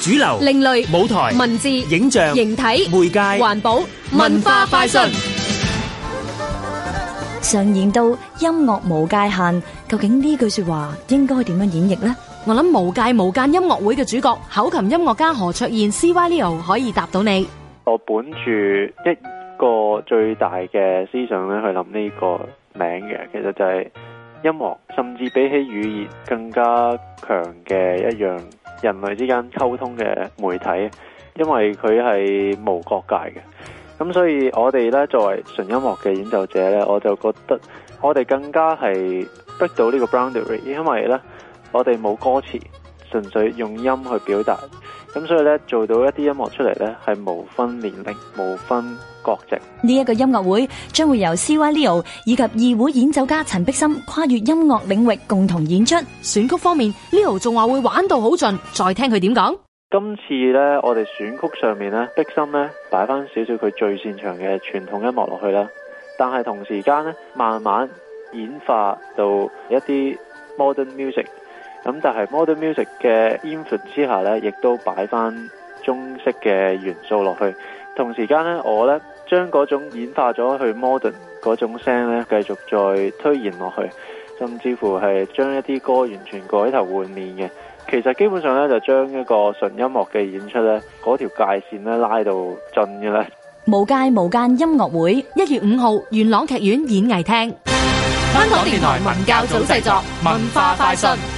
主流、另類舞台、文字、影像、形體、媒介、環保、文化快訊。上演到音樂無界限，究竟呢句說話應該點樣演繹咧？我諗無界無間音樂會嘅主角口琴音樂家何卓賢 CY Leo 可以答到你。我本住一個最大嘅思想咧去諗呢個名嘅，其實就係音樂，甚至比起語言更加強嘅一樣。人類之間溝通嘅媒體，因為佢係無國界嘅，咁所以我哋咧作為純音樂嘅演奏者咧，我就覺得我哋更加係逼到呢個 boundary，因為咧我哋冇歌詞，純粹用音去表達。咁所以咧，做到一啲音樂出嚟咧，係無分年齡、無分國籍。呢一個音樂會將會由 CY Leo 以及二胡演奏家陳碧心跨越音樂領域共同演出。選曲方面，Leo 仲話會玩到好盡，再聽佢點講。今次咧，我哋選曲上面咧，碧心咧擺翻少少佢最擅長嘅傳統音樂落去啦。但係同時間咧，慢慢演化到一啲 modern music。咁但係 Modern Music 嘅 influence 之下咧，亦都擺翻中式嘅元素落去。同時間咧，我咧將嗰種演化咗去 Modern 嗰種聲咧，繼續再推延落去，甚至乎係將一啲歌完全改頭換面嘅。其實基本上咧，就將一個純音樂嘅演出咧，嗰條界線咧拉到盡嘅咧。無界無間音樂會，一月五號元朗劇院演藝廳。香港電台文教組製作，文化快訊。